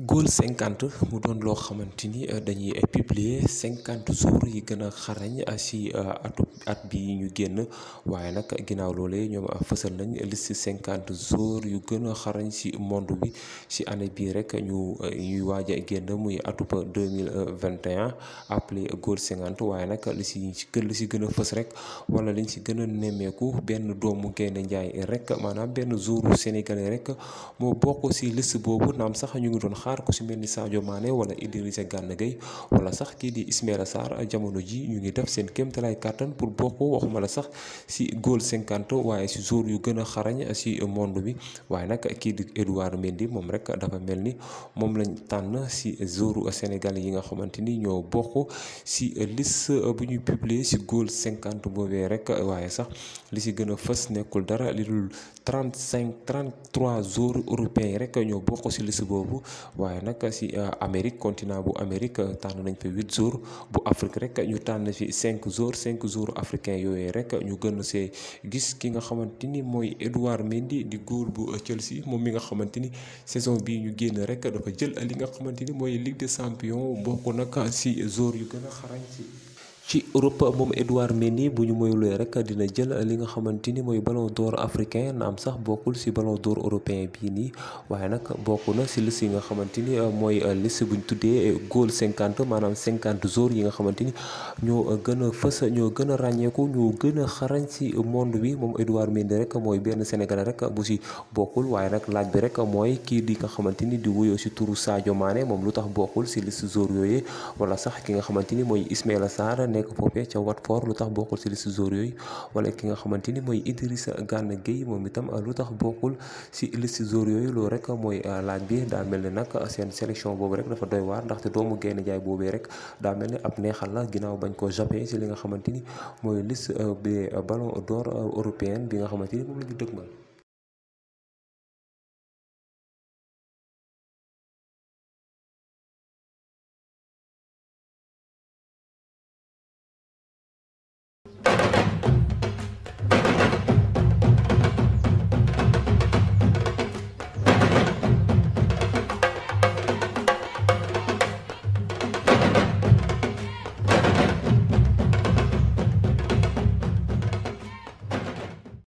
Goal 50 mu doon loo xamante ni euh, dañuy publier 50 jours yi gën a xarañ ci euh, euh, atu at bi ñu génn waaye nag ginnaaw loole ñoom fësal nañ liste cinquante jours yu gën a xarañ ci monde bi ci année bii rek ñu ñuy waaj a génn muy atub 2021 appelé Goal 50 waaye nag li ci gën li ci gën fës rek wala liñ ci gën a nemmeeku benn doomu gaynde njaay rek maanaam benn jouru sénégalais rek moo bokk ci liste boobu naam sax ñu ngi doon xaar ku si mel ni Sadio Mané wala Idrissa Gana wala sax kii di Ismaïla Sarr jamono ji ñu ngi def seen kéemtalaay kàttan pour bokk waxuma la sax si góol 50 waaye si jour yu gën a xarañ si monde bi waaye nag kii di Edouard Mendy moom rek dafa mel ni moom lañ tànn si jour Sénégal yi nga xamante ni ñoo bokk si liste bu ñuy publier si góol 50 boobee rek waaye sax li si gën a fës nekkul dara li dul 35 33 jours européens rek ñoo bokk si liste boobu. waaye nag si euh, Amérique continent bu Amérique euh, tànn nañ fa huit jours bu Afrique rek ñu tànn fi cinq jours cinq jours africain yooyee rek ñu gën see gis ki nga xamante ni mooy Edouard Mendy di góor bu euh, Chelsea moom mi nga xamante ni saison bii ñu génn rek dafa jël li nga xamante ni mooy Ligue des Champions bokk nag si jours yu gën xarañ si. ci Europe moom Edouard Mendy bu ñu moyulee rek dina jël li nga xamante ni mooy ballon d'or africain na am sax bokkul si ballon d'or européen bii nii waaye nag bokk na si liste yi nga xamante ni euh, mooy euh, liste bu tuddee euh, goal cinquante maanaam cinquante joueurs yi nga xamante ni ñoo gën a fës gën a ràññeeku ñoo gën a xarañ si monde bi moom Edouard Mendy rek mooy benn rek bu si bokkul waaye nag laaj bi rek mooy kii di nga xamante ni di wuyoo si turu Sadio Mané moom lu tax bokkul si liste joueurs yooyu wala sax ki nga xamante ni mooy Ismaïla Sarr nekk foofee ca Watford lu tax bokkul ci liste sore yooyu wala ki nga xamante ni mooy Idrissa Gana Gueye moom itam lu tax bokkul ci liste joueur yooyu loolu rek mooy euh, laaj bi daa mel ni nag seen sélection boobu rek dafa doy waar ndaxte doomu gaynde jaay boobee rek daa mel ni ab neexal la ginnaaw bañ koo jàppee si li nga xamante ni mooy liste euh, bi ballon door euh, européen bi nga xamante ni moom la ñu dëgmal